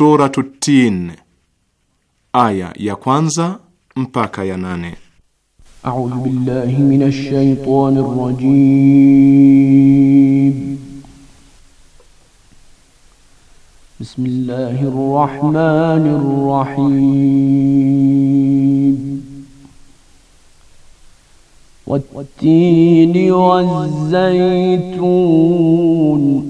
Suratu Tin, aya ya kwanza mpaka ya nane. A'udhu billahi minash shaitani rajim. Bismillahir rahmanir rahim. Wat-tini waz-zaytun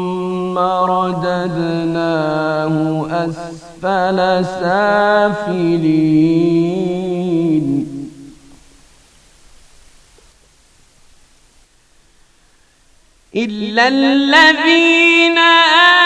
ثم رددناه أسفل سافلين إلا الذين آمنوا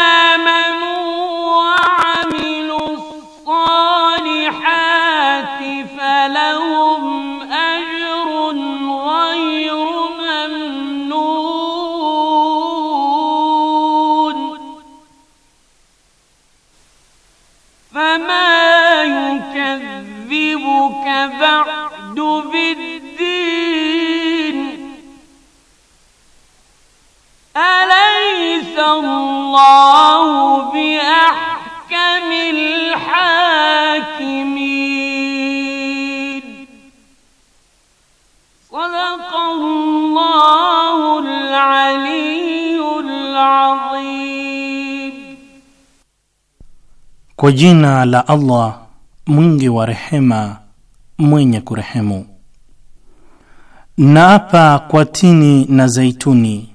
Kwa jina la Allah mwingi wa rehema mwenye kurehemu. Naapa kwa tini na zaituni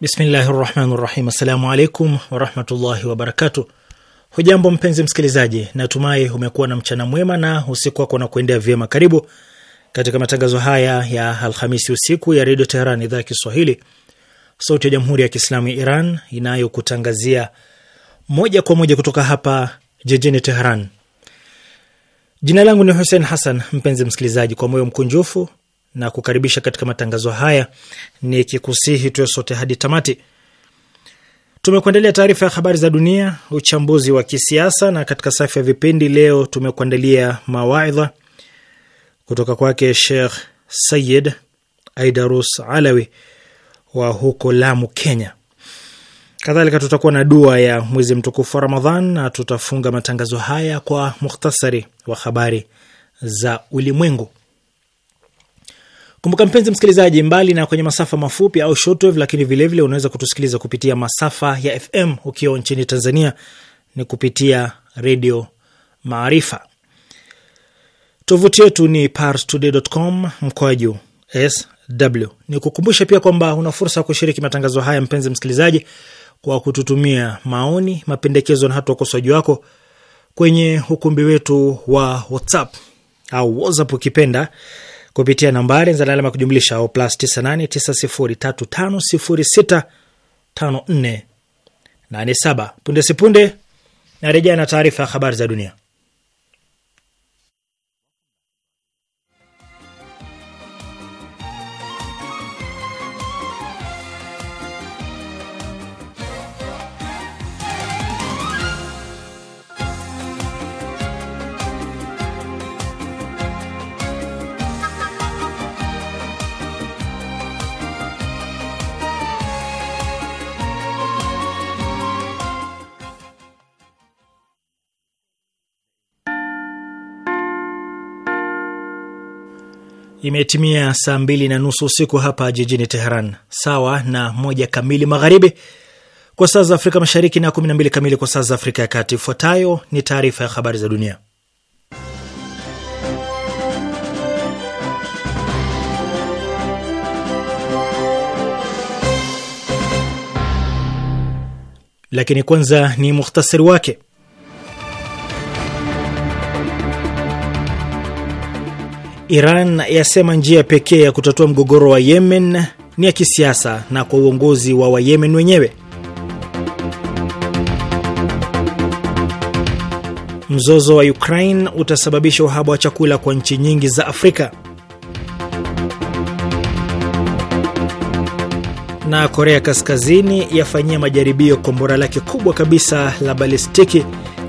Bismillahi rahmani rahim. Assalamu alaikum warahmatullahi wabarakatu. Hujambo mpenzi msikilizaji, natumai umekuwa na mchana mwema na usiku wako na kuendea vyema. Karibu katika matangazo haya ya Alhamisi usiku ya Redio Teheran, idhaa ya Kiswahili, sauti ya Jamhuri ya Kiislamu ya Iran inayokutangazia moja kwa moja kutoka hapa jijini Teheran. Jina langu ni Hussein Hassan. Mpenzi msikilizaji, kwa moyo mkunjufu na kukaribisha katika matangazo haya, ni kikusihi tuwe sote hadi tamati. Tumekuandalia taarifa ya habari za dunia, uchambuzi wa kisiasa, na katika safu ya vipindi leo tumekuandalia mawaidha kutoka kwake Sheikh Sayid Aidarus Alawi wa huko Lamu, Kenya. Kadhalika tutakuwa na dua ya mwezi mtukufu wa Ramadhan na tutafunga matangazo haya kwa mukhtasari wa habari za ulimwengu. Kumbuka mpenzi msikilizaji, mbali na kwenye masafa mafupi au shortwave, lakini vilevile unaweza kutusikiliza kupitia masafa ya FM ukiwa nchini Tanzania ni kupitia redio Maarifa. Tovuti yetu ni parstoday.com mkoaju sw. Ni kukumbusha pia kwamba una fursa ya kushiriki matangazo haya, mpenzi msikilizaji, kwa kututumia maoni, mapendekezo na hata ukosoaji wako kwenye ukumbi wetu wa WhatsApp au WhatsApp ukipenda kupitia nambari za alama ya kujumlisha au plus 989035065487. Punde sipunde narejea na taarifa ya habari za dunia. Imetimia saa mbili na nusu usiku hapa jijini Teheran, sawa na moja kamili magharibi kwa saa za Afrika Mashariki na 12 kamili kwa saa za Afrika ya Kati. Ifuatayo ni taarifa ya habari za dunia, lakini kwanza ni muhtasari wake. Iran yasema njia pekee ya kutatua mgogoro wa Yemen ni ya kisiasa na kwa uongozi wa Wayemen wenyewe. Mzozo wa Ukraine utasababisha uhaba wa chakula kwa nchi nyingi za Afrika. Na Korea Kaskazini yafanyia majaribio kombora lake kubwa kabisa la balistiki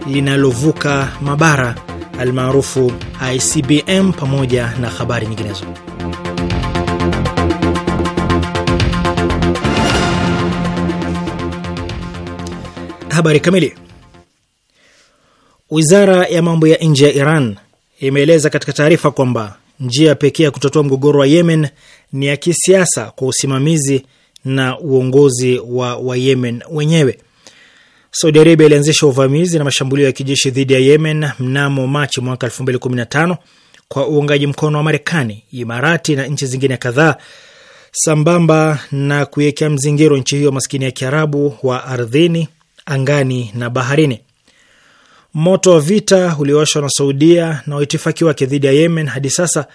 linalovuka mabara almaarufu ICBM pamoja na habari nyinginezo. Habari kamili. Wizara ya mambo ya nje ya Iran imeeleza katika taarifa kwamba njia pekee ya kutatua mgogoro wa Yemen ni ya kisiasa kwa usimamizi na uongozi wa Wayemen wenyewe. Saudi Arabia ilianzisha uvamizi na mashambulio ya kijeshi dhidi ya Yemen mnamo Machi mwaka 2015 kwa uungaji mkono wa Marekani, Imarati na nchi zingine kadhaa, sambamba na kuiwekea mzingiro nchi hiyo maskini ya Kiarabu wa ardhini, angani na baharini. Moto wa vita uliowashwa na Saudia na waitifaki wake dhidi ya Yemen hadi sasa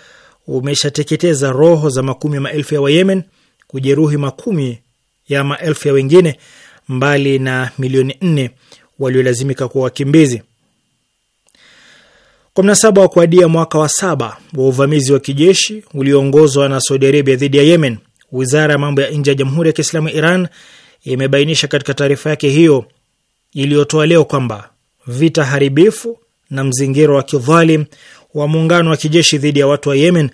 umeshateketeza roho za makumi ya maelfu ya Wayemen, kujeruhi makumi ya maelfu ya wengine mbali na milioni nne waliolazimika kuwa wakimbizi. Kwa mnasaba wa kuadia mwaka wa saba wa uvamizi wa kijeshi ulioongozwa na Saudi Arabia dhidi ya Yemen, wizara ya mambo ya nje ya Jamhuri ya Kiislamu ya Iran imebainisha katika taarifa yake hiyo iliyotoa leo kwamba vita haribifu na mzingiro wa kidhalim wa muungano wa kijeshi dhidi ya watu wa Yemen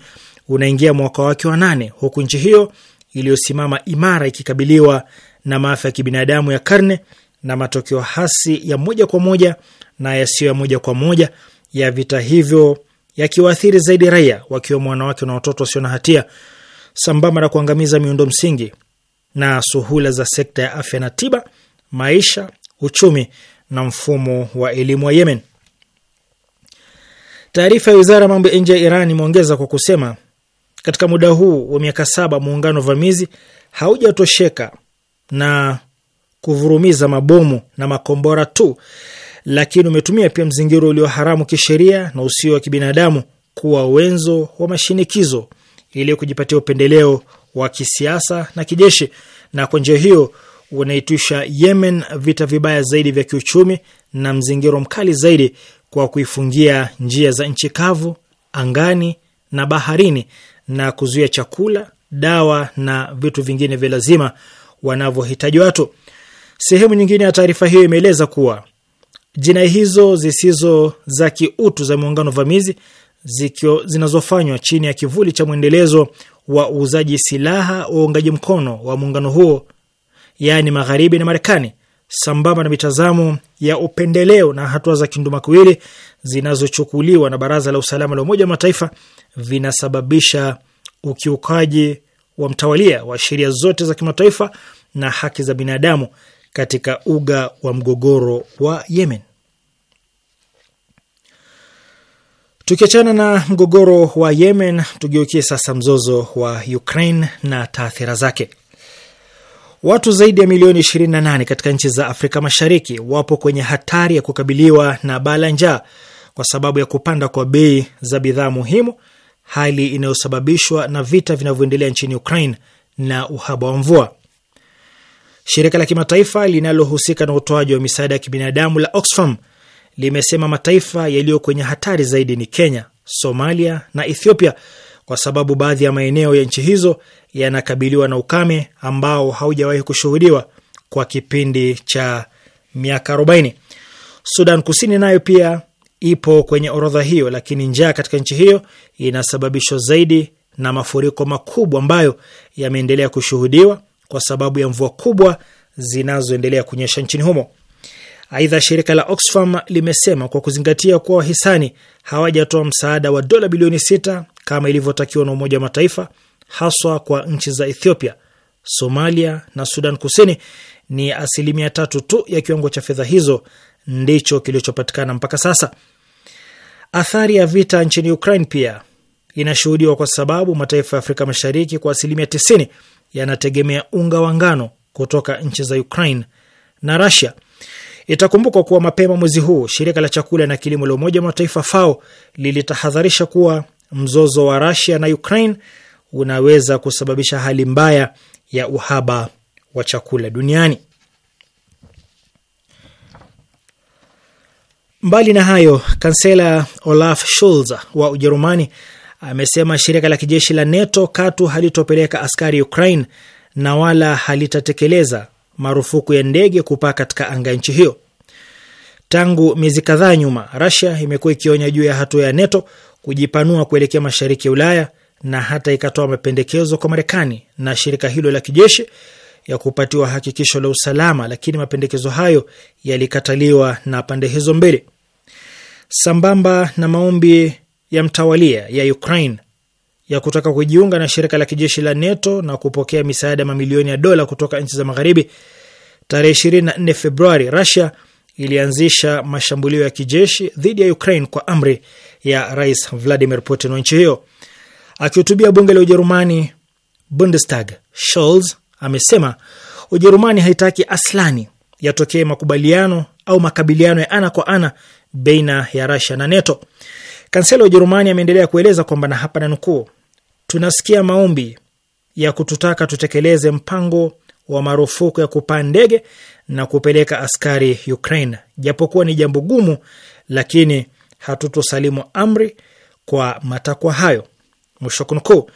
unaingia mwaka wake wa nane, huku nchi hiyo iliyosimama imara ikikabiliwa na maafa ya kibinadamu ya karne na matokeo hasi ya moja kwa moja na yasiyo ya moja kwa moja ya vita hivyo yakiwaathiri zaidi raia wakiwemo wanawake na watoto wasio na hatia sambamba na kuangamiza miundo msingi na suhula za sekta ya afya na tiba, maisha, uchumi na mfumo wa elimu wa Yemen. Taarifa ya wizara ya mambo ya nje ya Iran imeongeza kwa kusema, katika muda huu wa miaka saba muungano vamizi haujatosheka na kuvurumiza mabomu na makombora tu, lakini umetumia pia mzingiro ulio haramu kisheria na usio wa kibinadamu kuwa wenzo wa mashinikizo ili kujipatia upendeleo wa kisiasa na kijeshi, na kwa njia hiyo unaitisha Yemen vita vibaya zaidi vya kiuchumi na mzingiro mkali zaidi kwa kuifungia njia za nchi kavu, angani na baharini, na kuzuia chakula, dawa na vitu vingine vya lazima wanavyohitaji watu. Sehemu nyingine ya taarifa hiyo imeeleza kuwa jinai hizo zisizo za kiutu za muungano vamizi zinazofanywa chini ya kivuli cha mwendelezo wa uuzaji silaha wa uungaji mkono wa muungano huo, yaani Magharibi na Marekani, sambamba na mitazamo ya upendeleo na hatua za kindumakuwili zinazochukuliwa na Baraza la Usalama la Umoja wa Mataifa vinasababisha ukiukaji wa mtawalia wa sheria zote za kimataifa na haki za binadamu katika uga wa mgogoro wa Yemen. Tukiachana na mgogoro wa Yemen, tugeukie sasa mzozo wa Ukraine na taathira zake. Watu zaidi ya milioni 28 katika nchi za Afrika Mashariki wapo kwenye hatari ya kukabiliwa na bala njaa kwa sababu ya kupanda kwa bei za bidhaa muhimu hali inayosababishwa na vita vinavyoendelea nchini Ukraine na uhaba wa mvua. Shirika la kimataifa linalohusika na utoaji wa misaada ya kibinadamu la Oxfam limesema mataifa yaliyo kwenye hatari zaidi ni Kenya, Somalia na Ethiopia kwa sababu baadhi ya maeneo ya nchi hizo yanakabiliwa na ukame ambao haujawahi kushuhudiwa kwa kipindi cha miaka 40. Sudan Kusini nayo pia ipo kwenye orodha hiyo, lakini njaa katika nchi hiyo inasababishwa zaidi na mafuriko makubwa ambayo yameendelea kushuhudiwa kwa sababu ya mvua kubwa zinazoendelea kunyesha nchini humo. Aidha, shirika la Oxfam limesema kwa kuzingatia kuwa wahisani hawajatoa msaada wa dola bilioni sita kama ilivyotakiwa na Umoja wa Mataifa, haswa kwa nchi za Ethiopia, Somalia na Sudan Kusini, ni asilimia tatu tu ya kiwango cha fedha hizo ndicho kilichopatikana mpaka sasa. Athari ya vita nchini Ukraine pia inashuhudiwa kwa sababu mataifa ya Afrika Mashariki kwa asilimia 90 yanategemea unga wa ngano kutoka nchi za Ukraine na Russia. Itakumbukwa kuwa mapema mwezi huu shirika la chakula na kilimo la Umoja wa Mataifa FAO lilitahadharisha kuwa mzozo wa Russia na Ukraine unaweza kusababisha hali mbaya ya uhaba wa chakula duniani. Mbali na hayo, kansela Olaf Scholz wa Ujerumani amesema shirika la kijeshi la NATO katu halitopeleka askari Ukraine na wala halitatekeleza marufuku ya ndege kupaa katika anga nchi hiyo. Tangu miezi kadhaa nyuma, Russia imekuwa ikionya juu ya hatua ya NATO kujipanua kuelekea mashariki ya Ulaya na hata ikatoa mapendekezo kwa Marekani na shirika hilo la kijeshi ya kupatiwa hakikisho la usalama, lakini mapendekezo hayo yalikataliwa na pande hizo mbili sambamba na maombi ya mtawalia ya Ukraine ya kutaka kujiunga na shirika la kijeshi la NATO na kupokea misaada mamilioni ya dola kutoka nchi za magharibi. Tarehe 24 Februari, Russia ilianzisha mashambulio ya kijeshi dhidi ya Ukraine kwa amri ya Rais Vladimir Putin wa nchi hiyo. Akihutubia bunge la Ujerumani, Bundestag, Scholz amesema Ujerumani haitaki aslani yatokee makubaliano au makabiliano ya ana kwa ana baina ya rasia na NATO. Kansela wa Ujerumani ameendelea kueleza kwamba na hapa nanukuu, tunasikia maombi ya kututaka tutekeleze mpango wa marufuku ya kupaa ndege na kupeleka askari Ukraine, japokuwa ni jambo gumu, lakini hatutosalimu amri kwa matakwa hayo, mwisho kunukuu.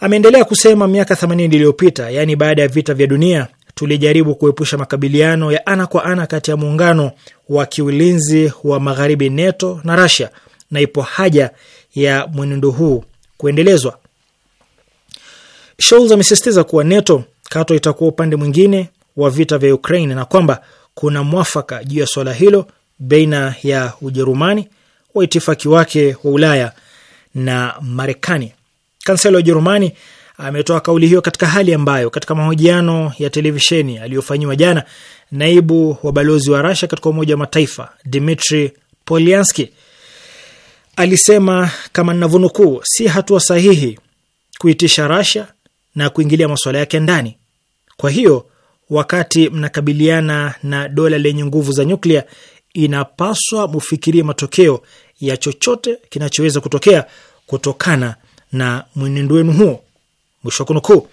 Ameendelea kusema miaka 80 iliyopita, yaani baada ya vita vya dunia tulijaribu kuepusha makabiliano ya ana kwa ana kati ya muungano wa kiulinzi wa magharibi NATO na Russia, na ipo haja ya mwenendo huu kuendelezwa. Scholz amesisitiza kuwa NATO kato itakuwa upande mwingine wa vita vya Ukraine na kwamba kuna mwafaka juu ya swala hilo baina ya Ujerumani, waitifaki wake wa Ulaya na Marekani. Kansela wa Ujerumani ametoa kauli hiyo katika hali ambayo katika mahojiano ya televisheni aliyofanyiwa jana, naibu wa balozi wa Rasha katika Umoja wa Mataifa Dmitri Polyanski alisema kama ninavyonukuu, si hatua sahihi kuitisha Rasha na kuingilia masuala yake ndani. Kwa hiyo wakati mnakabiliana na dola lenye nguvu za nyuklia, inapaswa mufikirie matokeo ya chochote kinachoweza kutokea kutokana na mwenendo wenu huo. Mwisho kunukuu.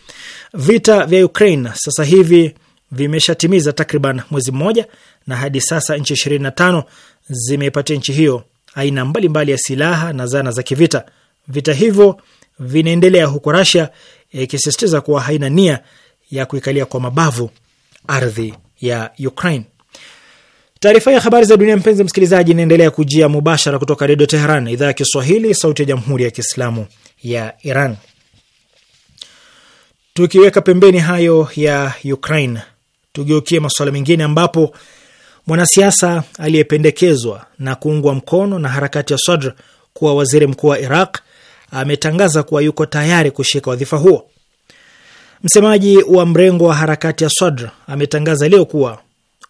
Vita vya Ukraine sasa hivi vimeshatimiza takriban mwezi mmoja, na hadi sasa nchi ishirini na tano zimeipatia nchi hiyo aina mbalimbali mbali ya silaha na zana za kivita. Vita hivyo vinaendelea huku Rasia ikisisitiza e, kuwa haina nia ya kuikalia kwa mabavu ardhi ya Ukraine. Taarifa ya habari za dunia, mpenzi msikilizaji, inaendelea kujia mubashara kutoka Redio Teheran, idhaa ya Kiswahili, sauti ya jamhuri ya kiislamu ya Iran. Tukiweka pembeni hayo ya Ukraine, tugeukie masuala mengine ambapo mwanasiasa aliyependekezwa na kuungwa mkono na harakati ya Sadr kuwa waziri mkuu wa Iraq ametangaza kuwa yuko tayari kushika wadhifa huo. Msemaji wa mrengo wa harakati ya Sadr ametangaza leo kuwa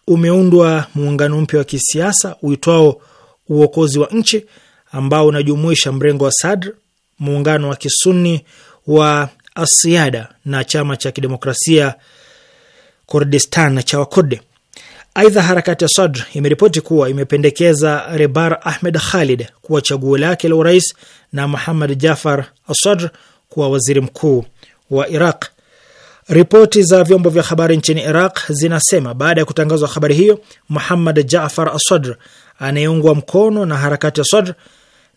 umeundwa muungano mpya wa kisiasa uitwao Uokozi wa Nchi, ambao unajumuisha mrengo wa Sadr, muungano wa kisuni wa Asiada na chama cha kidemokrasia Kurdistan cha Wakurde. Aidha, harakati ya Sadr imeripoti kuwa imependekeza Rebar Ahmed Khalid kuwa chaguo lake la urais na Muhammad Jafar Asadr kuwa waziri mkuu wa Iraq. Ripoti za vyombo vya habari nchini Iraq zinasema baada ya kutangazwa habari hiyo, Muhammad Jafar Asadr anayeungwa mkono na harakati ya Sadr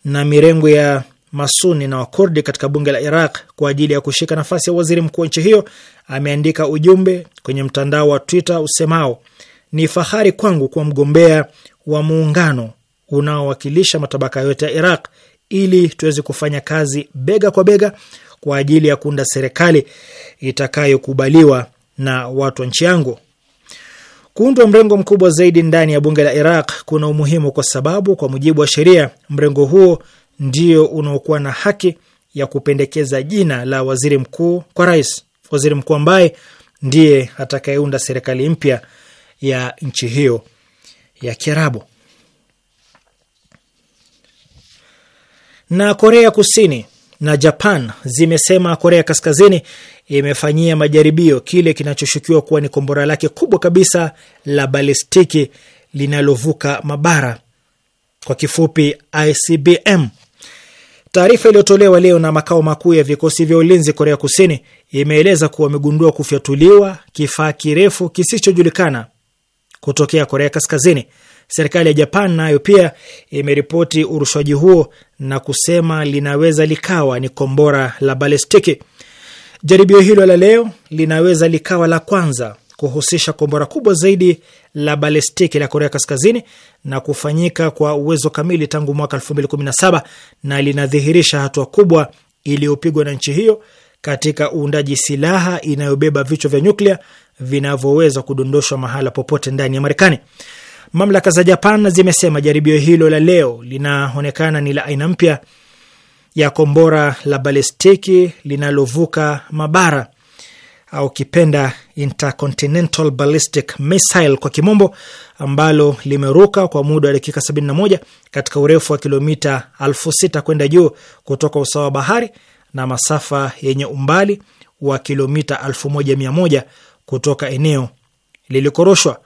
na mirengo ya Masuni na Wakurdi katika bunge la Iraq kwa ajili ya kushika nafasi ya waziri mkuu wa nchi hiyo, ameandika ujumbe kwenye mtandao wa Twitter usemao ni fahari kwangu kuwa mgombea wa muungano unaowakilisha matabaka yote ya Iraq ili tuweze kufanya kazi bega kwa bega kwa ajili ya kuunda serikali itakayokubaliwa na watu wa nchi yangu. Kuundwa mrengo mkubwa zaidi ndani ya bunge la Iraq kuna umuhimu kwa sababu, kwa mujibu wa sheria, mrengo huo ndio unaokuwa na haki ya kupendekeza jina la waziri mkuu kwa rais, waziri mkuu ambaye ndiye atakayeunda serikali mpya ya nchi hiyo ya Kiarabu. Na Korea Kusini na Japan zimesema Korea Kaskazini imefanyia majaribio kile kinachoshukiwa kuwa ni kombora lake kubwa kabisa la balistiki linalovuka mabara, kwa kifupi ICBM. Taarifa iliyotolewa leo na makao makuu ya vikosi vya ulinzi Korea Kusini imeeleza kuwa wamegundua kufyatuliwa kifaa kirefu kisichojulikana kutokea Korea Kaskazini. Serikali ya Japan nayo pia imeripoti urushwaji huo na kusema linaweza likawa ni kombora la balistiki. Jaribio hilo la leo linaweza likawa la kwanza kuhusisha kombora kubwa zaidi la balestiki la Korea Kaskazini na kufanyika kwa uwezo kamili tangu mwaka 2017 na linadhihirisha hatua kubwa iliyopigwa na nchi hiyo katika uundaji silaha inayobeba vichwa vya nyuklia vinavyoweza kudondoshwa mahala popote ndani ya Marekani. Mamlaka za Japan zimesema jaribio hilo la leo linaonekana ni la aina mpya ya kombora la balestiki linalovuka mabara au kipenda Intercontinental Ballistic Missile kwa kimombo, ambalo limeruka kwa muda wa dakika 71 katika urefu wa kilomita 6000 kwenda juu kutoka usawa wa bahari na masafa yenye umbali wa kilomita 1100 kutoka eneo lilikoroshwa.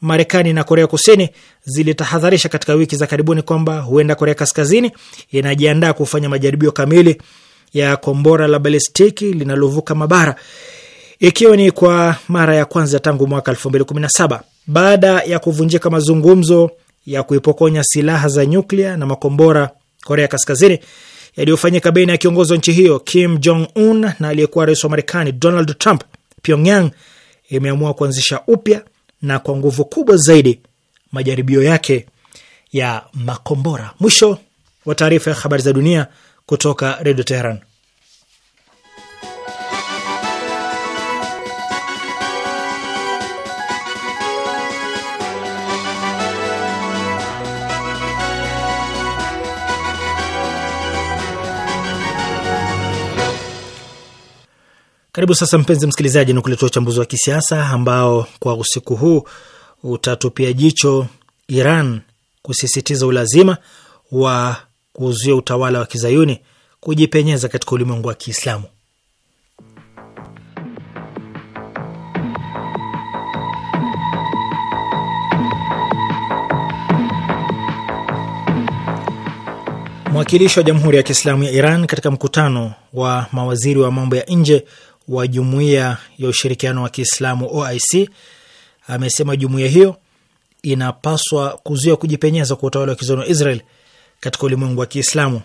Marekani na Korea Kusini zilitahadharisha katika wiki za karibuni kwamba huenda Korea Kaskazini inajiandaa kufanya majaribio kamili ya kombora la balistiki linalovuka mabara ikiwa ni kwa mara ya kwanza tangu mwaka 2017 baada ya kuvunjika mazungumzo ya kuipokonya silaha za nyuklia na makombora Korea Kaskazini yaliyofanyika baina ya kiongozi wa nchi hiyo Kim Jong Un na aliyekuwa rais wa Marekani Donald Trump, Pyongyang imeamua kuanzisha upya na kwa nguvu kubwa zaidi majaribio yake ya makombora. Mwisho wa taarifa ya habari za dunia kutoka Redio Teheran. Karibu sasa, mpenzi msikilizaji, ni kuletea uchambuzi wa kisiasa ambao kwa usiku huu utatupia jicho Iran kusisitiza ulazima wa kuzuia utawala wa kizayuni kujipenyeza katika ulimwengu wa Kiislamu. Mwakilishi wa Jamhuri ya Kiislamu ya Iran katika mkutano wa mawaziri wa mambo ya nje wa Jumuiya ya Ushirikiano wa Kiislamu OIC amesema jumuiya hiyo inapaswa kuzuia kujipenyeza kwa utawala wa kizoni wa Israel katika ulimwengu wa Kiislamu.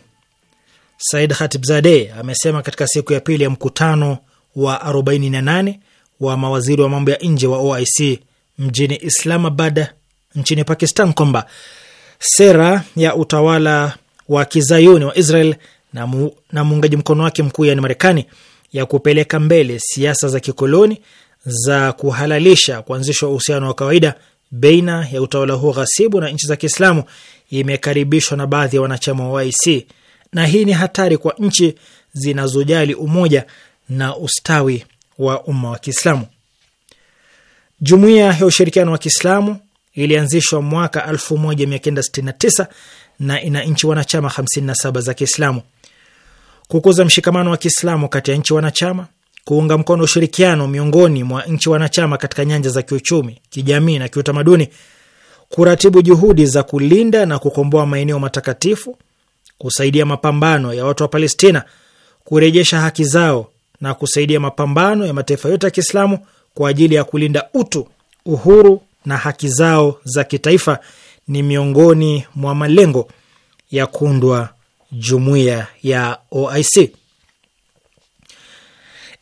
Said zade amesema katika siku ya pili ya mkutano wa 48 wa mawaziri wa mambo ya nje wa OIC mjini Islamabad nchini Pakistan kwamba sera ya utawala wa kizayuni wa Israel na muungaji mkono wake mkuu, yaani Marekani, ya kupeleka mbele siasa za kikoloni za kuhalalisha kuanzishwa uhusiano wa kawaida baina ya utawala huo ghasibu na nchi za Kiislamu imekaribishwa na baadhi ya wanachama wa OIC, na hii ni hatari kwa nchi zinazojali umoja na ustawi wa umma wa Kiislamu. Jumuiya ya Ushirikiano wa Kiislamu ilianzishwa mwaka 1969 na ina nchi wanachama 57 za Kiislamu kukuza mshikamano wa Kiislamu kati ya nchi wanachama, kuunga mkono ushirikiano miongoni mwa nchi wanachama katika nyanja za kiuchumi, kijamii na kiutamaduni, kuratibu juhudi za kulinda na kukomboa maeneo matakatifu, kusaidia mapambano ya watu wa Palestina kurejesha haki zao na kusaidia mapambano ya mataifa yote ya Kiislamu kwa ajili ya kulinda utu, uhuru na haki zao za kitaifa ni miongoni mwa malengo ya kuundwa jumuiya ya OIC.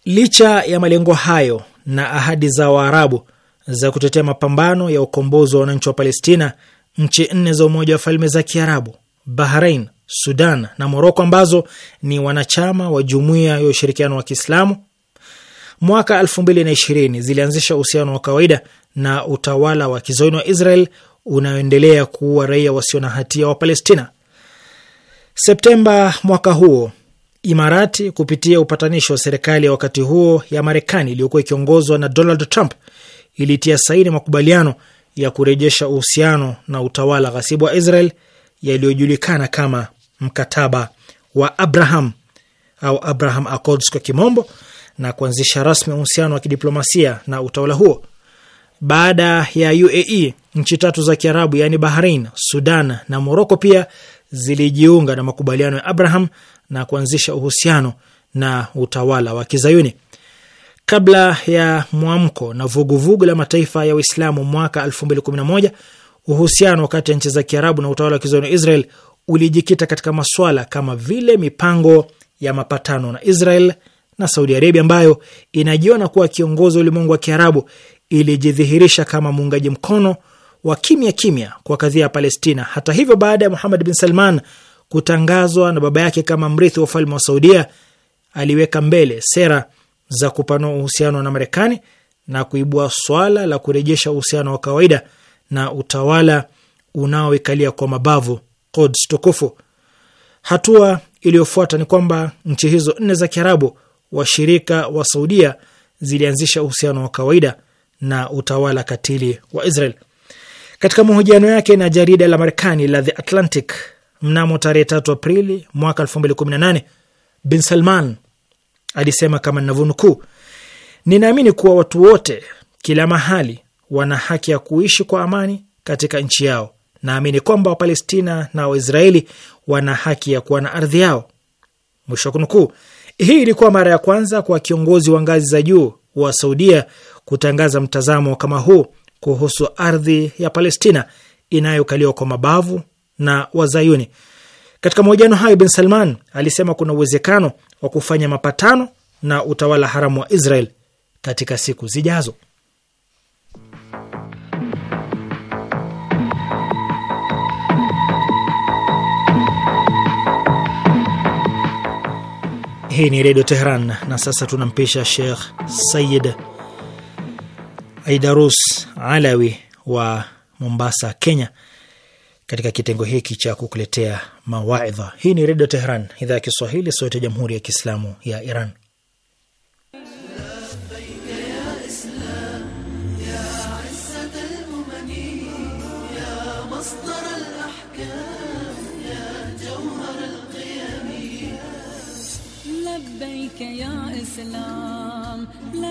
Licha ya malengo hayo na ahadi za Waarabu za kutetea mapambano ya ukombozi wa wananchi wa Palestina, nchi nne za Umoja wa Falme za Kiarabu, Bahrain, Sudan na Moroko, ambazo ni wanachama wa Jumuiya ya Ushirikiano wa Kiislamu, mwaka 2020 zilianzisha uhusiano wa kawaida na utawala wa kizoini wa Israel unaoendelea kuua raia wasio na hatia wa Palestina. Septemba mwaka huo Imarati kupitia upatanishi wa serikali ya wakati huo ya Marekani iliyokuwa ikiongozwa na Donald Trump ilitia saini makubaliano ya kurejesha uhusiano na utawala ghasibu wa Israel yaliyojulikana kama mkataba wa Abraham au Abraham Accords kwa kimombo na kuanzisha rasmi uhusiano wa kidiplomasia na utawala huo. Baada ya UAE, nchi tatu za Kiarabu yaani Bahrain, Sudan na Moroko pia zilijiunga na makubaliano ya Abraham na kuanzisha uhusiano na utawala wa Kizayuni. Kabla ya mwamko na vuguvugu la mataifa ya Uislamu mwaka 2011, uhusiano kati ya nchi za Kiarabu na utawala wa Kizayuni wa Israel ulijikita katika maswala kama vile mipango ya mapatano na Israel na Saudi Arabia ambayo inajiona kuwa kiongozi wa ulimwengu wa Kiarabu ilijidhihirisha kama muungaji mkono wa kimya kimya kwa kadhia ya Palestina. Hata hivyo, baada ya Muhammad bin Salman kutangazwa na baba yake kama mrithi wa ufalme wa Saudia, aliweka mbele sera za kupanua uhusiano na Marekani na kuibua swala la kurejesha uhusiano wa kawaida na utawala unaoikalia kwa mabavu Quds tukufu. Hatua iliyofuata ni kwamba nchi hizo nne za Kiarabu washirika wa Saudia zilianzisha uhusiano wa kawaida na utawala katili wa Israel. Katika mahojiano yake na jarida la Marekani la The Atlantic mnamo tarehe 3 Aprili mwaka 2018, Bin Salman alisema kama ninavyonukuu, ninaamini kuwa watu wote kila mahali wana haki ya kuishi kwa amani katika nchi yao. Naamini kwamba Wapalestina na Waisraeli wana haki ya kuwa na ardhi yao, mwisho wa kunukuu. Hii ilikuwa mara ya kwanza kwa kiongozi wa ngazi za juu wa Saudia kutangaza mtazamo kama huu kuhusu ardhi ya Palestina inayokaliwa kwa mabavu na Wazayuni. Katika mahojiano hayo, Bin Salman alisema kuna uwezekano wa kufanya mapatano na utawala haramu wa Israel katika siku zijazo. Hii ni Redio Teheran, na sasa tunampisha Sheikh Sayid Aidarus Alawi wa Mombasa, Kenya, katika kitengo hiki cha kukuletea mawaidha. Hii ni Redio Tehran, idhaa ya Kiswahili, sauti ya Jamhuri ya Kiislamu ya Iran.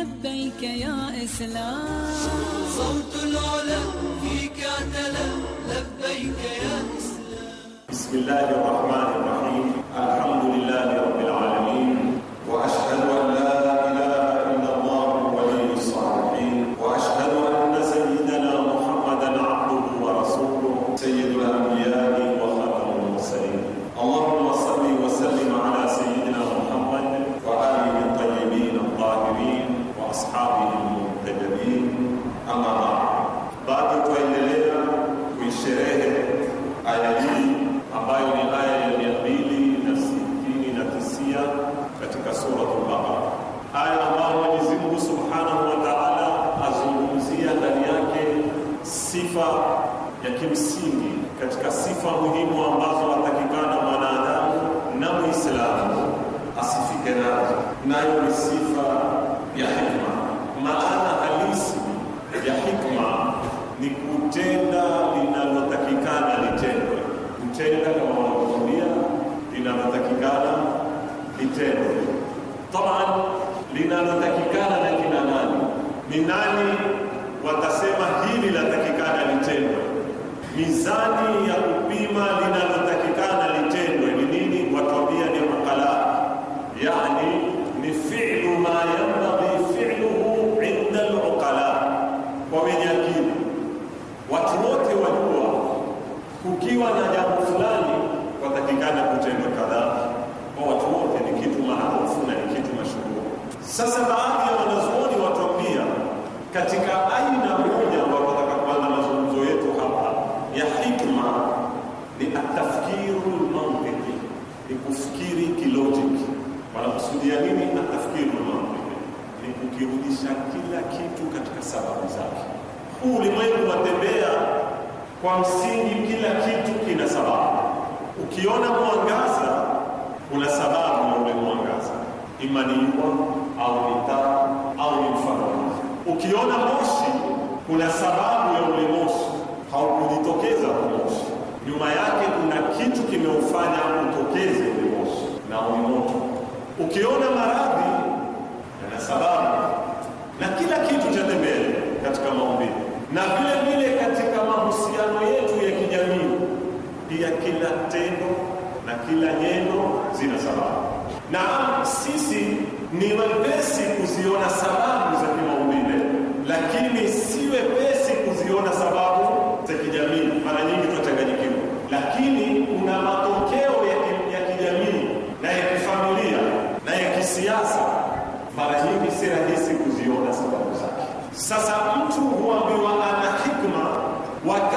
لبيك يا إسلام صوت العلا فيك اعتلى لبيك يا إسلام بسم الله الرحمن الرحيم الحمد لله رب sifa ya kimsingi katika sifa muhimu ambazo watakikana mwanadamu na Muislamu asifike nazo, nayo ni sifa ya hikma. Maana halisi ya hikma ni kutenda linalotakikana litendwe, kutenda kama wanavyokuambia linalotakikana litendwe. Taban, linalotakikana na kina nani? Ni nani watasema hili latakikana litendwe. Mizani ya kupima linalotakikana litendwe ni nini? Watuambia ni makala, yani ni fi'lu ma yanbaghi fi'luhu inda al-uqala, kwa wenye akili. Watu wote wajua kukiwa na jambo fulani watakikana kutendwe kadhaa, kwa watu wote ni kitu maarufu na ni kitu mashuhuri. Sasa baadhi ya wanazuoni watuambia katika kusudia nini na tafkiri ulmambo ni kukirudisha kila kitu katika sababu zake. Huu ulimwengu watembea kwa msingi, kila kitu kina sababu. Ukiona mwangaza, kuna sababu ya ule mwangaza, ima ni jua au ni taa au ni mfano. Ukiona moshi, kuna sababu ya ule moshi, haukujitokeza kwa moshi, nyuma yake kuna kitu kimeufanya utokeze ule moshi, na ni moto Ukiona maradhi yana sababu, na kila kitu cha tembele katika maumbile na vile vile katika mahusiano yetu ya kijamii pia, kila tendo na kila neno zina sababu, na sisi ni wepesi kuziona sababu za kimaumbile, lakini si wepesi kuziona sababu za kijamii. Mara nyingi Sasa mtu huambiwa ana hikma wa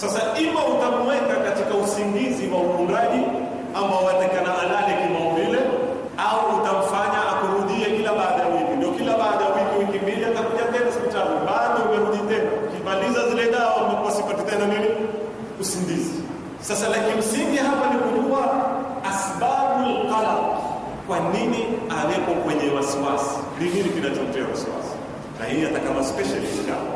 sasa ima utamweka katika usingizi wa uungaji ama watekana alale kimaumbile au utamfanya akurudie kila baada ya wiki ndio kila baada ya wiki wiki mbili atakuja tena hospitali bado umerudi tena ukimaliza zile dawa umekuwa sipati tena nini usingizi sasa lakini msingi hapa ni kujua asbabu alqalaq kwa nini aweko kwenye wasiwasi ni nini kinachomtia wasiwasi na hii hata kama specialist kama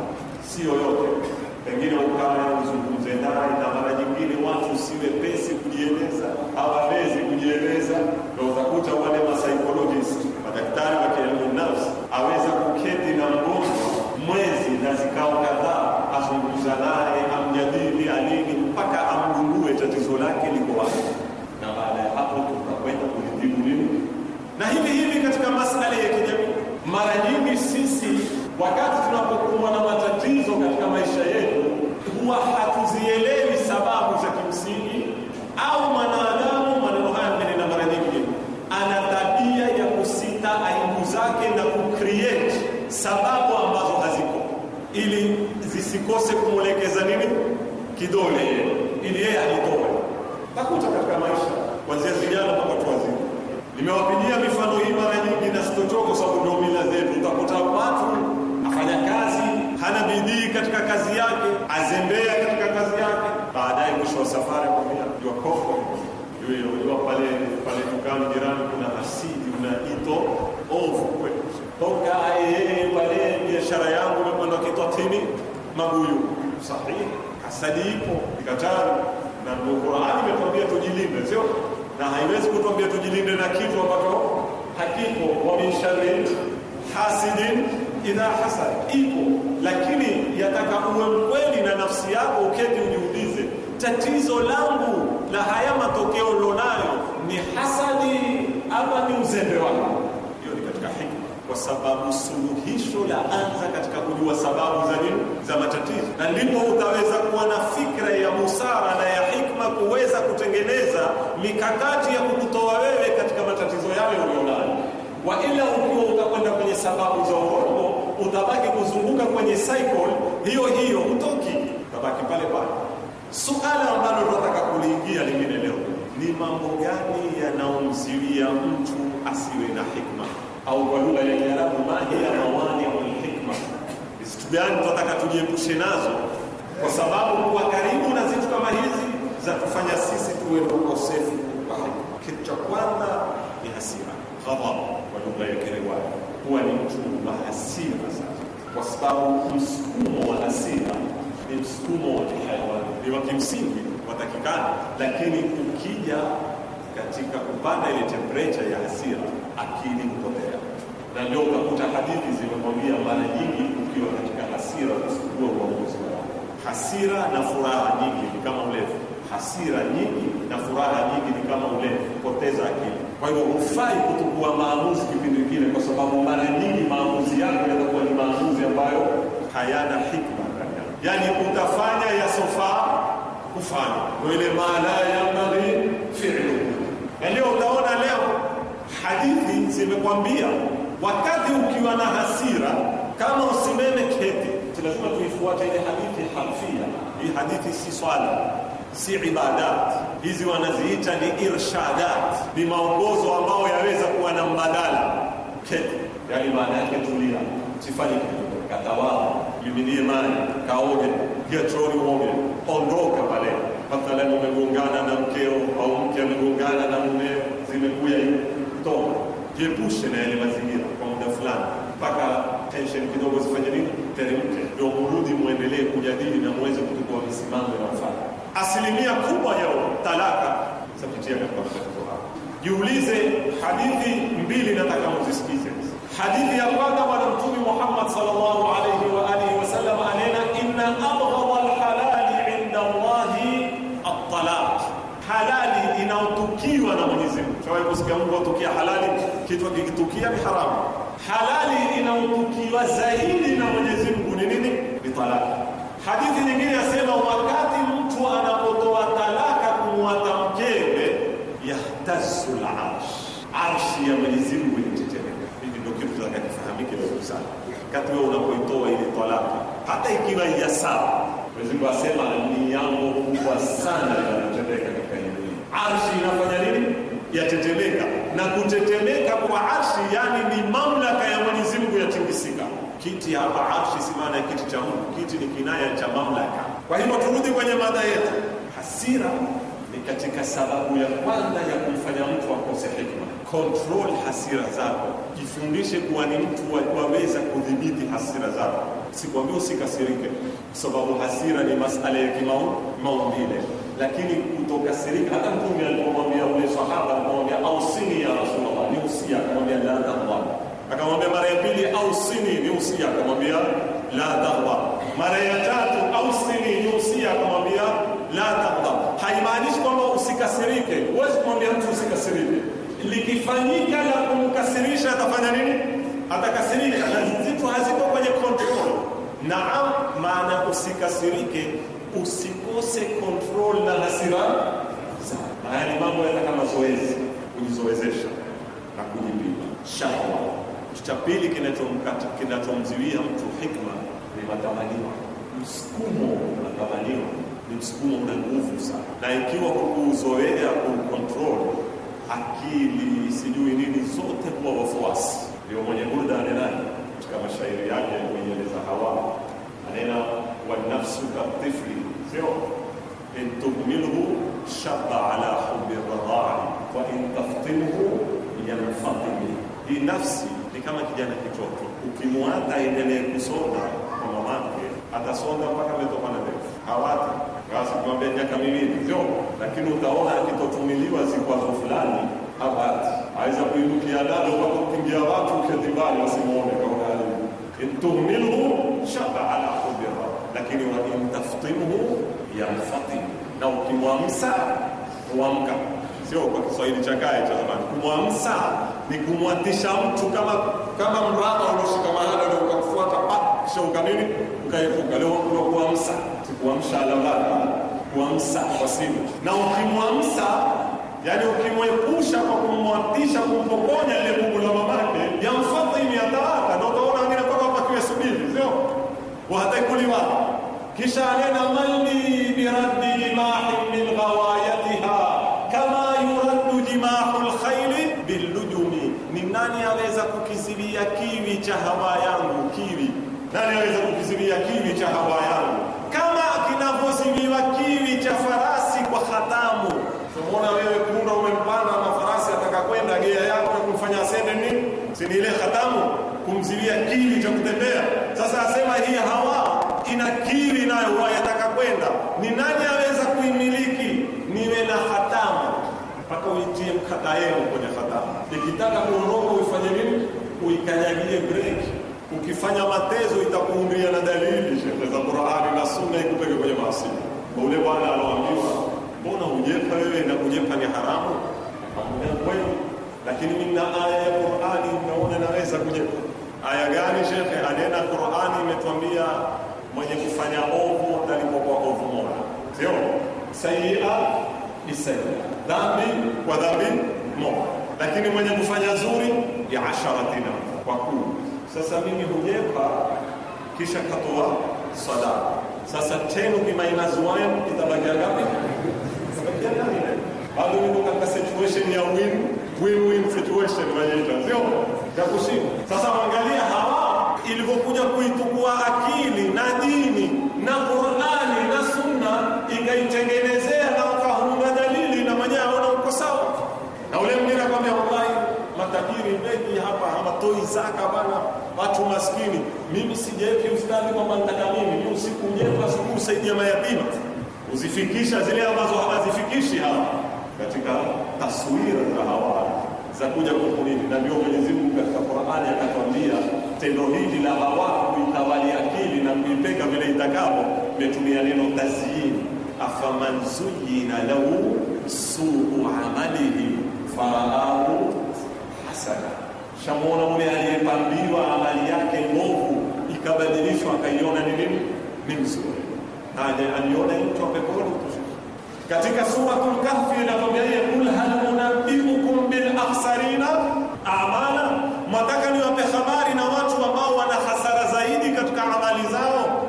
si yoyote pengine ukama uzungumze naye, na mara nyingine watu si wepesi kujieleza, hawawezi kujieleza, ndio utakuta wale masaikolojist madaktari wa kielimu nafsi aweza kuketi na mgonjwa mwezi na zikao kadhaa, azungumza naye, amjadili anini, mpaka amgundue tatizo lake liko wapi, na baada ya hapo tutakwenda kulitibu nini. Na hivi hivi katika masuala ya kijamii, mara nyingi sisi wakati tunapokumbwa na matatizo katika maisha yetu huwa hatuzielewi sababu za kimsingi, au mwanadamu, maneno haya na mara nyingi, ana tabia ya kusita aibu zake na kucreate sababu ambazo haziko ili zisikose kumwelekeza nini kidole ili yeye alitoe takuta katika maisha kwanzia vijana mpaka watu wazima. Nimewapigia mifano hii mara nyingi na sitochoka, sababu ndio mila zetu. Utakuta watu afanya kazi hana bidii katika kazi yake, azembea katika kazi yake, baadaye mwisho wa safari jua jwakofa jua pale pale dukani jirani kuna una ito ovu kwe toka yeye pale biashara yangu imekwenda kitwa tini mabuyu sahihi, hasadi ipo ikatana, na Qur'ani imetwambia tujilinde, sio na haiwezi kutwambia tujilinde na kitu ambacho hakipo. wa min sharri hasidin idha hasad ipo, lakini yataka uwe mkweli na nafsi yako, uketi ujiulize, tatizo langu la haya matokeo lonayo ni hasadi ama ni uzembe wangu? Hiyo ni katika hikma, kwa sababu suluhisho la anza katika kujua sababu za nini za matatizo, na ndipo utaweza kuwa na fikra ya busara na ya hikma kuweza kutengeneza mikakati ya kukutoa wewe katika matatizo yale ulionayo. Wa ila ukiwa utakwenda kwenye sababu za uongo utabaki kuzunguka kwenye cycle hiyo hiyo, utoki utabaki pale pale. Suala ambalo nataka kuliingia lingine leo ni mambo gani yanaomziwia mtu asiwe na hikma, au kwa lugha ya Kiarabu mahiya mawaniul hikma, vitu gani tunataka tujiepushe nazo, kwa sababu kuwa karibu na zitu kama hizi za kufanya sisi tuwe na ukosefu wa hikma. Kitu cha kwanza ni hasira, ghadhab kwa lugha ya Kiarabu kuwa ni mtu wa hasira sana, kwa sababu msukumo wa hasira ni msukumo wa kihayawani, ni wa kimsingi watakikana, lakini ukija katika kupanda ile temperature ya hasira, akili hupotea, na ndio utakuta hadithi zimekwambia mara nyingi, ukiwa katika hasira utachukua uamuzi wao. Hasira na furaha nyingi ni kama ulevi, hasira nyingi na furaha nyingi ni kama ulevi, poteza akili. Kwa hivyo hufai kutukua maamuzi kipindi kile, kwa sababu mara nyingi maamuzi yako yatakuwa ni maamuzi ambayo hayana hikma yani yake, utafanya yasofaa kufanya maana ya yambaghi fi'lu. Na leo utaona leo hadithi zimekwambia, wakati ukiwa na hasira, kama usimeme kete, lazima tuifuate ile hadithi harfia. Hii hadithi si swala, si ibadat hizi wanaziita ni irshadat, ni maongozo ambayo yaweza kuwa na mbadala. Keti, yani maana yake tulia, usifanye kitu, katawala, yuminie maji, kaoge, pia oge uoge, ondoka pale. Mathalan, umegongana na mkeo au mke amegongana na mumeo, zimekuya hiyo, toka, jiepushe na yale mazingira kwa muda fulani mpaka tension kidogo zifanye nini, teremke, ndio murudi, mwendelee kujadili na muweze kutukua misimamo mfano asilimia kubwa ya talaka zapitia katika matatizo haya. Jiulize hadithi mbili nataka muzisikize. Hadithi ya kwanza bwana Mtume Muhammad sallallahu alayhi wa alihi wasallam anena inna abghadha alhalali inda Allahi at-talaq. Halali inaotukiwa na Mwenyezi Mungu. Shawahi kusikia Mungu atukia halali, kitu kikitukia ni haramu. Halali inaotukiwa zaidi na Mwenyezi Mungu ni nini? Ni talaka. Hadithi nyingine yasema, wakati mtu anapotoa talaka kumwata mkewe, yahtazu larshi arshi ya Mwenyezi Mungu inatetemeka. Hii ndio kitu tunataka leo sana, wakati wewe unapoitoa ile talaka, hata ikiwa ya sawa, Mwenyezi Mungu asema ni jambo kubwa sana linalotendeka katika hii dunia. Arshi inafanya nini? Yatetemeka. Na kutetemeka kwa arshi, yani ni mamlaka ya Mwenyezi Mungu yatingisika. Kiti hapa arshi si maana ya kiti cha Mungu, kiti ni kinaya cha mamlaka. Kwa hivyo turudi kwenye mada yetu. Hasira ni katika sababu ya kwanza ya kumfanya mtu akose hekima. Control hasira zako, jifundishe kuwa ni mtu waweza kudhibiti hasira zako. Sikwambia usikasirike, kwa sababu hasira ni masala ya maumbile, lakini kutokasirika. Hata Mtume alipomwambia ule sahaba, akamwambia ausini ya Rasulullah, niusia, akamwambia la akamwambia mara ya pili au sini ni usia akamwambia la taghdab mara ya tatu au sini ni usia akamwambia la taghdab haimaanishi kwamba usikasirike huwezi kumwambia mtu usikasirike likifanyika la kumkasirisha atafanya nini atakasirika na zitu haziko kwenye control naam maana usikasirike usikose control na hasira zako haya ni mambo yata kama zoezi kujizoezesha na kujipima shahwa kitu cha pili kinachomziwia mtu hikma ni matamanio. Msukumo matamanio ni msukumo una nguvu sana, na ikiwa kukuzoea kucontrol akili sijui nini zote kuwa wafuasi. Ndio mwenye Burda anenani katika mashairi yake kuieleza hawa, anena wanafsu tifli sio in tuhmilhu shaba ala hubi radai wa in taftimhu Hii nafsi kama kijana kitoto, ukimwacha endelee kusonda kwa mamake, atasonda mpaka ametoka na ndevu. hawati basi kuambia miaka miwili ndio, lakini utaona akitotumiliwa zikwazo fulani hawati aweza kuibukia dalo mpaka kupingia watu ketibali wasimwone kama alimu intuhmilhu shaba ala kubira, lakini waintaftimhu yamfatim, na ukimwamsa huamka sio kwa Kiswahili cha kale cha zamani. Kumwamsa ni kumwatisha mtu kama kama mraba unaoshika mahala na ukafuata pa kisha ukanini ukaepuka. Leo kuna kuamsa, sikuamsha alama, kuamsa kwa simu. Na ukimwamsa, yani ukimwepusha kwa kumwatisha, kumpokonya ile bubu la mamake, ya yamfadhini yataata, ndio utaona wengine mpaka hapa subiri, sio wa hata kuliwa kisha alena mali biradi mahin min ghawa kukizibia kiwi cha hawa yangu kiwi? Nani aweza kukizibia kiwi cha hawa yangu kama kinavyozuiliwa kiwi cha farasi kwa khatamu? Unaona wewe punda umempanda na farasi ataka kwenda gea yako na kumfanya asende nini, si ni ile khatamu kumzibia kiwi cha kutembea. Sasa asema hii hawa ina kiwi nayo wayataka kwenda, ni nani aweza kuimiliki? Niwe na khatamu mpaka uitie mkata yenu kwenye khatamu, ikitaka kuondoka uifanye nini uikanyagie breki. Ukifanya matezo itakuundia na dalili shehe za Qur'ani na Sunna ikupeke kwenye maasi. Kwa ule bwana aloambiwa, mbona hujepa wewe na kujepa ni haramu? Kweli, lakini mimi na aya ya Qur'ani naona naweza kujepa. Aya gani shehe? Anena Qur'ani imetuambia mwenye kufanya ovu atalipo kwa ovu moja, sio sayi'a bisayi'a, dhambi kwa dhambi moja lakini mwenye kufanya zuri ya asharatina kwa kumi. Sasa mimi hujepa kisha katoa sadaka. Sasa tenu bima inazuwayo itabakia ngapi? Itabakia nani? Bado niko katika situation ya win win win situation wanaita, sio ya kushinda. Sasa angalia hawa ilivyokuja kuitukua akili na dini zaka bana watu maskini. Mimi sijaweki ustadi kwamba nitaka nini, ni usiku mjengo asubuhi usaidia mayatima, uzifikisha zile ambazo hawazifikishi hapa katika taswira za hawa za kuja kwetu nini. Na ndio Mwenyezi Mungu katika Qur'ani akatwambia tendo hili la hawa kuitawali akili na kuipeka vile itakapo, imetumia neno tazyini, afaman zuyina lahu suu amalihi faraahu hasana kisha mwanamume aliyepambiwa amali yake mbovu ikabadilishwa akaiona ni nini ni mzuri, aje anione mtu amepona. Katika Suratul Kahfi inatuambia yeye, kul hal unabbiukum bil akhsarina a'mala, mataka niwape habari na watu ambao wana hasara zaidi katika amali zao.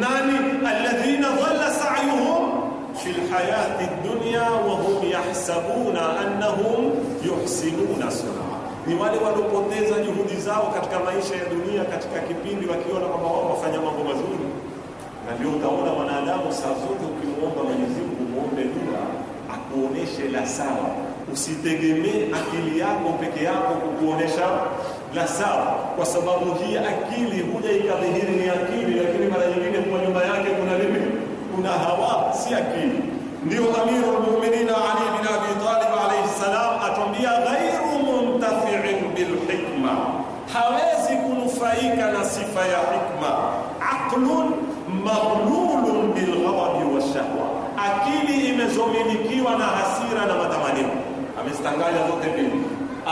Nani? alladhina dhalla sa'yuhum fil hayati dunya wa hum yahsabuna annahum yuhsinuna sunna ni wale waliopoteza juhudi zao katika maisha ya dunia katika kipindi wakiona kwamba wao wafanya mambo mazuri. Na ndio utaona wanadamu saa zote ukimwomba Mwenyezi Mungu, muombe dua akuoneshe la sawa, usitegemee akili yako peke yako kukuonesha la sawa, kwa sababu hii akili huja ikadhihiri ni akili, lakini mara nyingine kwa nyumba yake kuna nini? Kuna hawa, si akili. Ndio Amirul Mu'minin Ali bin Abi Talib alayhi salam atwambia hawezi kunufaika na sifa ya hikma. Aqlun maghlulun bilghadabi washahwa, akili imezomilikiwa na hasira na matamanio. Amezitangaja zote mbili,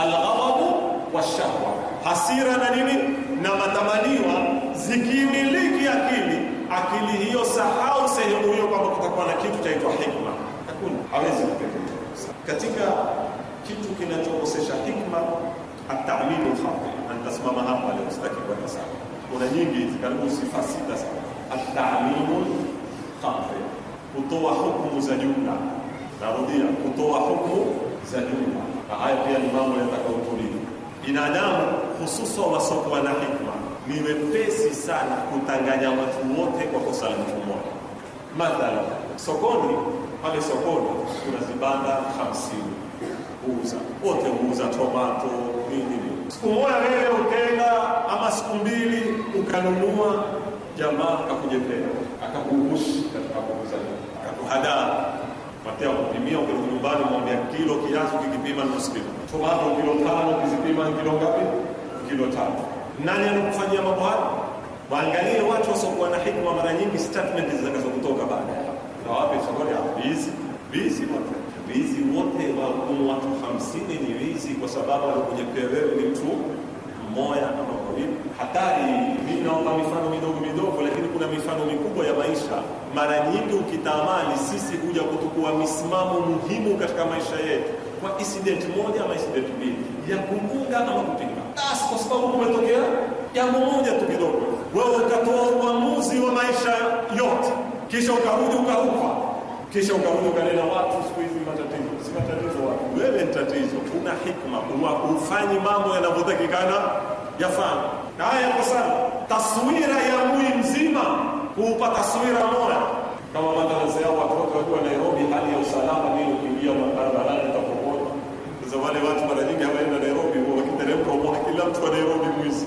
alghadabu washahwa, hasira na nini na matamaniwa. Zikimiliki akili, akili hiyo sahau sehemu hiyo kwamba kutakuwa na kitu chaitwa hikma. Hakuna, hawezi katika kitu kinachokosesha hikma, atamimu khati Nitasimama hapo leo, sitaki kwenda sana. Kuna nyingi hizi, karibu sifa sita sana. At-ta'limu kutoa hukumu za jumla. Narudia, kutoa hukumu za jumla, na haya pia ni mambo utulivu. binadamu, hususa wasokuwa na hikma. Ni wepesi sana kutanganya watu wote kwa kosa la mtu mmoja. Mathala sokoni pale sokoni kuna zibanda hamsini huuza wote huuza tomato nini siku moja wewe ukenda ama siku mbili ukanunua, jamaa akakuja tena akakugushi katika kuuza, akakuhadaa patia kupimia, ukirudi nyumbani mwambia kilo kiasi, ukikipima na kilo, tomato kilo tano, ukizipima kilo ngapi? Kilo tano. Nani anakufanyia mambo hayo? Waangalie watu wasiokuwa na hikma, mara nyingi statement zitakazokutoka hapo Na wapi sokoni? hapo, Hizi hizi watu wizi wote wakuwa watu hamsini ni wizi kwa sababu alikuja pia wewe ni mtu mmoja ama mawili. Hatari. Mimi naomba mifano midogo midogo, lakini kuna mifano mikubwa ya maisha. Mara nyingi ukitamani sisi huja kutukua misimamo muhimu katika maisha yetu kwa incident moja ama incident mbili ya kumunga ama kupinga, basi kwa sababu kumetokea jambo moja tu kidogo, wewe ukatoa uamuzi wa maisha yote, kisha ukarudi ukaruka kisha ukaona na watu siku hizi matatizo. Si matatizo watu, wewe ni tatizo. Una hikma, ufanye mambo yanavyotakikana yafanye. Haya yako sana, taswira ya mwi mzima kuupa taswira moja. Kama madarasa yao watoto wakiwa Nairobi, hali ya usalama ni ukimbia barabarani utakokota. Sasa wale watu mara nyingi hawaenda Nairobi, huwa wakiteremka umeona kila mtu wa Nairobi mwizi.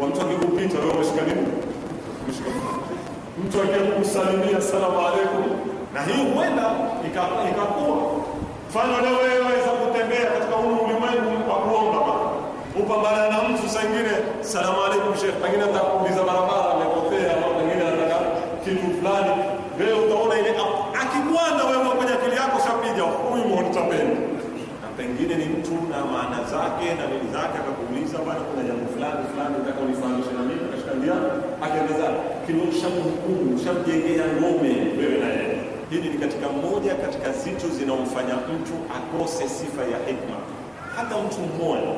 Wa mtu akikupita wewe umeshika nini? Mtu akikusalimia salamu aleikum na hiyo huenda ikakuwa mfano leo wewe waweza kutembea katika huu ulimwengu wa kuomba upambana na mtu saa ingine salamu alaikum shekh pengine atakuuliza barabara amepotea au pengine anataka kitu fulani wewe utaona ile akikwanda wewe kwenye akili yako shapija huyu mwonitapenda na pengine ni mtu na maana zake na nini zake akakuuliza bana kuna jambo fulani fulani nataka unifahamishe na mimi akashika ndia akiendeza kinaonyesha shamjengea ngome wewe na yeye Hili ni katika moja katika zitu zinaomfanya mtu akose sifa ya hikma. Hata mtu mmoja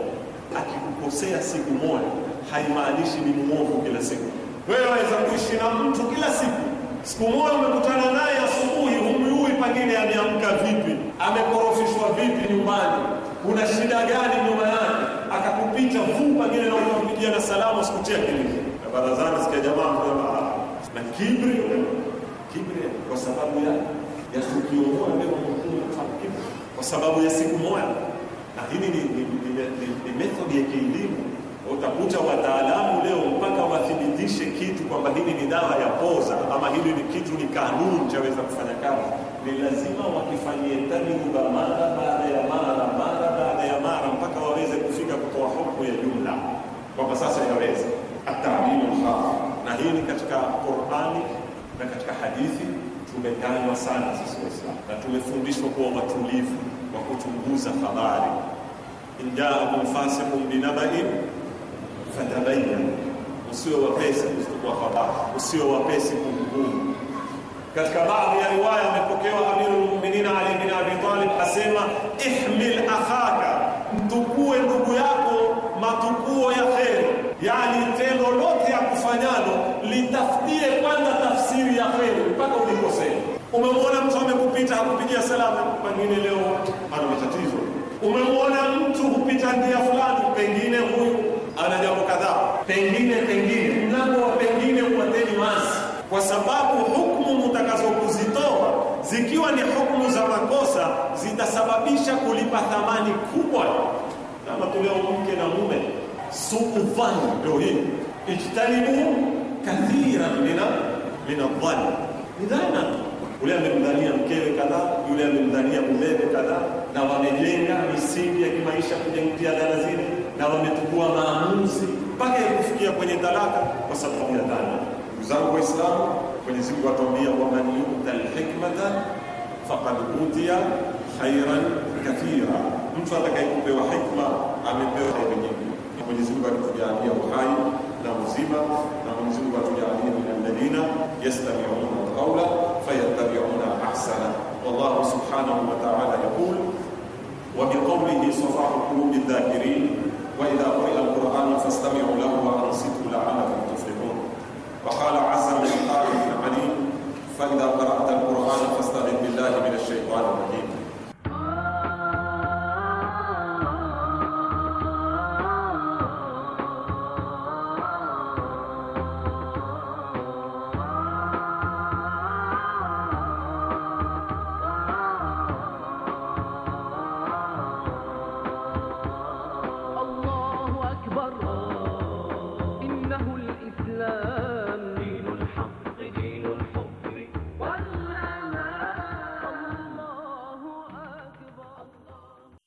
akikukosea siku moja haimaanishi ni mwovu kila siku. Wewe waweza kuishi na mtu kila siku, siku moja umekutana naye asubuhi, humjui pengine ameamka vipi, amekorofishwa vipi nyumbani, kuna shida gani nyuma yake, akakupita vuu pengine na ukampigia na salamu, sikutia kilimo na barazani, sikia jamaa ah, na kibri Kibre kwa sababu ya ya tukiomoa leo Mungu atakipa kwa sababu ya siku moja, na hili ni, ni, ni, ni, ni ya kielimu. Utakuta wataalamu leo mpaka wathibitishe kitu kwamba hili ni dawa ya poza ama hili ni kitu ni kanuni chaweza kufanya kazi, ni lazima wakifanyie tajriba mara baada ya mara mara baada ya mara mpaka waweze kufika kutoa hukumu ya jumla kwamba sasa inaweza atalimu. Na hii ni katika Qur'ani na katika hadithi tumedanywa sana sisi Waislamu na tumefundishwa kuwa watulivu wa kuchunguza habari. Injaakum fasiqun binaba'in fatabayan, usiwe wapesi kuchukua habari, usiwe wapesi kuhukumu. Katika baadhi ya riwaya amepokewa Amirul Mu'minin Ali bin Abi Talib asema, ihmil akhaka, mtukue ndugu yako matukuo ya kheri, yani tendo lote ya kufanyalo litafutie kwanza kheri mpaka ulikosea. Umemwona mtu amekupita akupigia salamu, pengine leo ana matatizo. Umemwona mtu kupita njia fulani, pengine huyu ana jambo kadhaa, pengine pengine. Mlango wa pengine uwateni wazi, kwa sababu hukumu mutakazokuzitoa zikiwa ni hukumu za makosa zitasababisha kulipa thamani kubwa, kama tuleo mke na mume suuvani. Ndio hii ijtanibu kathiran mina min adh ni dhana yule amemdhania mkewe kadhaa, yule amemdhania mumewe kadhaa, na wamejenga misingi ya kimaisha kujengia dhana zile, na wamechukua maamuzi mpaka ya kufikia kwenye talaka kwa sababu ya dhana. Ndugu zangu Waislamu, Mwenyezi Mungu atuambia, waman yu'ta al-hikmata utiya khairan kathira, mtu atakayekupewa hikma amepewa kheri nyingi. Mwenyezi Mungu alitujalia uhai na uzima, na Mwenyezi Mungu atujalie الذين يستمعون القول فيتبعون أحسنه والله سبحانه وتعالى يقول وبقوله صفاح قلوب الذاكرين وإذا قرئ القرآن فاستمعوا له وأنصتوا لعلكم تفلحون وقال عز من قائل عليم فإذا قرأت القرآن فاستعذ بالله من الشيطان الرجيم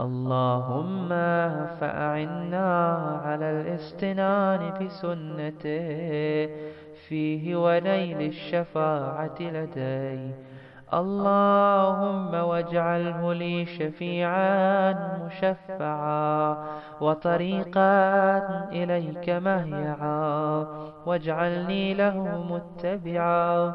اللهم فأعنا على الاستنان بسنته فيه ونيل الشفاعة لدي اللهم واجعله لي شفيعا مشفعا وطريقا إليك مهيعا واجعلني له متبعا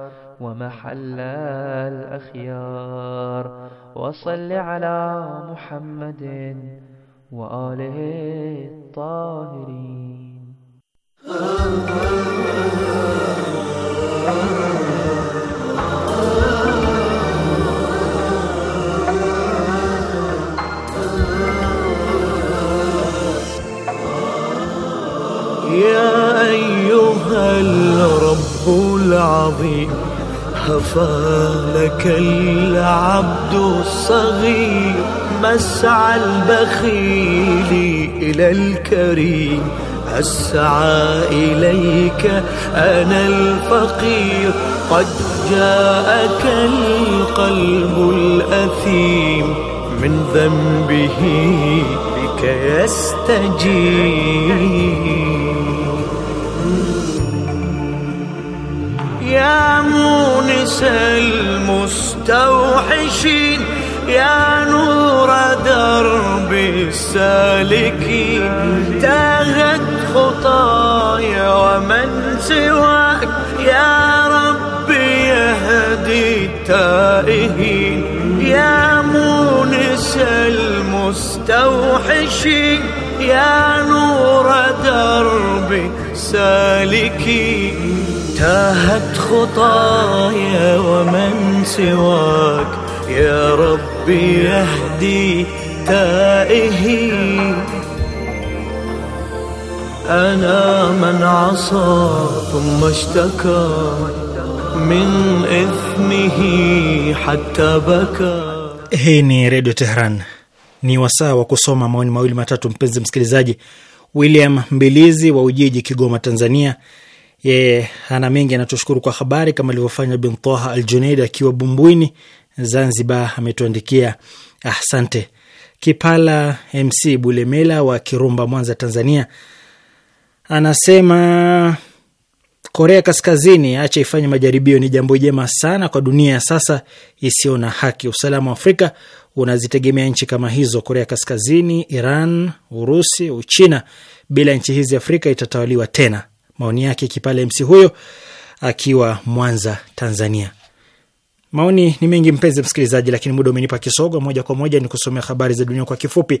ومحل الأخيار وصل على محمد وآله الطاهرين يا أيها الرب العظيم خفى لك العبد الصغير مسعى البخيل إلى الكريم أسعى إليك أنا الفقير قد جاءك القلب الأثيم من ذنبه بك يستجيب يا مونس المستوحشين يا نور درب السالكين تاهت خطايا ومن سواك يا رب يهدي التائهين يا مونس المستوحشين يا نور درب سالكين تاهت خطايا ومن سواك يا ربي يهدي تائهي أنا من عصى ثم اشتكى من إثمه حتى بكى Hii ni Redio Tehran. Ni wasaa wa kusoma maoni mawili matatu, mpenzi msikilizaji. William Mbilizi wa Ujiji, Kigoma, Tanzania yeye ana mengi anatushukuru kwa habari kama alivyofanya Bin Toha Al Junaid akiwa Bumbwini, Zanzibar. Ametuandikia asante. Kipala MC Bulemela wa Kirumba, Mwanza, Tanzania, anasema Korea Kaskazini acha ifanye majaribio, ni jambo jema sana kwa dunia sasa isiyo na haki. Usalama wa Afrika unazitegemea nchi kama hizo, Korea Kaskazini, Iran, Urusi, Uchina. Bila nchi hizi Afrika itatawaliwa tena maoni yake Kipale MC huyo akiwa Mwanza, Tanzania. Maoni ni mengi mpenzi msikilizaji, lakini muda umenipa kisogo. Moja kwa moja ni kusomea habari za dunia kwa kifupi.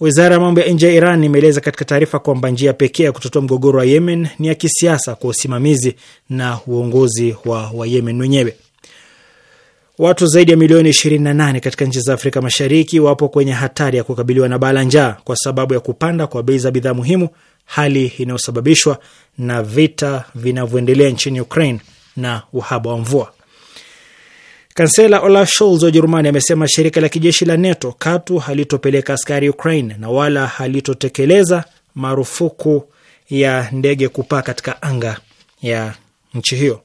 Wizara ya mambo ya nje ya Iran imeeleza katika taarifa kwamba njia pekee ya kutotoa mgogoro wa Yemen ni ya kisiasa kwa usimamizi na uongozi wa Wayemen wenyewe. Watu zaidi ya milioni 28 katika nchi za Afrika Mashariki wapo kwenye hatari ya kukabiliwa na baa njaa kwa sababu ya kupanda kwa bei za bidhaa muhimu hali inayosababishwa na vita vinavyoendelea nchini Ukraine na uhaba wa mvua. Kansela Olaf Scholz wa Ujerumani amesema shirika la kijeshi la NATO katu halitopeleka askari Ukraine na wala halitotekeleza marufuku ya ndege kupaa katika anga ya nchi hiyo.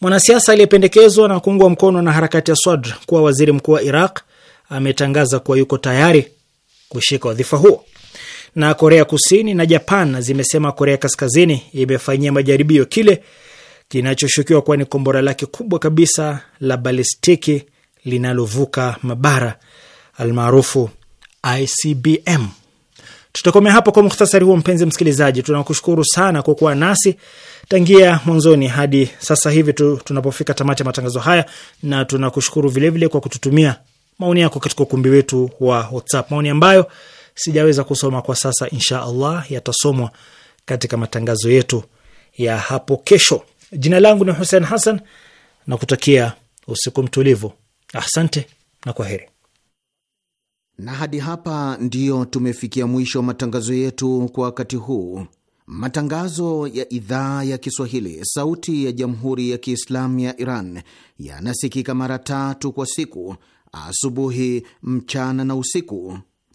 Mwanasiasa aliyependekezwa na kuungwa mkono na harakati ya Sadr kuwa waziri mkuu wa Iraq ametangaza kuwa yuko tayari kushika wadhifa huo na Korea Kusini na Japan zimesema Korea Kaskazini imefanyia majaribio kile kinachoshukiwa kuwa ni kombora lake kubwa kabisa la balistiki linalovuka mabara almaarufu ICBM. Tutakomea hapo kwa muhtasari huo. Mpenzi msikilizaji, tunakushukuru sana kwa kuwa nasi tangia mwanzoni hadi sasa hivi tu, tunapofika tamati ya matangazo haya, na tunakushukuru vilevile kwa kututumia maoni yako katika ukumbi wetu wa WhatsApp, maoni ambayo sijaweza kusoma kwa sasa, insha Allah yatasomwa katika matangazo yetu ya hapo kesho. Jina langu ni Hussein Hassan na kutakia usiku mtulivu. Asante na kwa heri. Na hadi hapa ndiyo tumefikia mwisho wa matangazo yetu kwa wakati huu. Matangazo ya idhaa ya Kiswahili sauti ya jamhuri ya Kiislamu ya Iran yanasikika mara tatu kwa siku: asubuhi, mchana na usiku.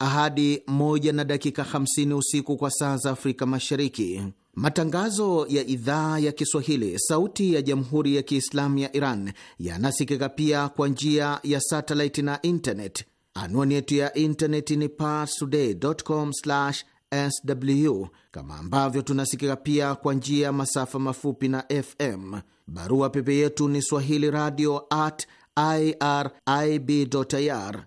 ahadi moja na dakika 50 usiku kwa saa za Afrika Mashariki. Matangazo ya idhaa ya Kiswahili sauti ya Jamhuri ya Kiislamu ya Iran yanasikika pia kwa njia ya satellite na internet. Anwani yetu ya internet ni parstoday.com/sw, kama ambavyo tunasikika pia kwa njia ya masafa mafupi na FM. Barua pepe yetu ni swahili radio at irib.ir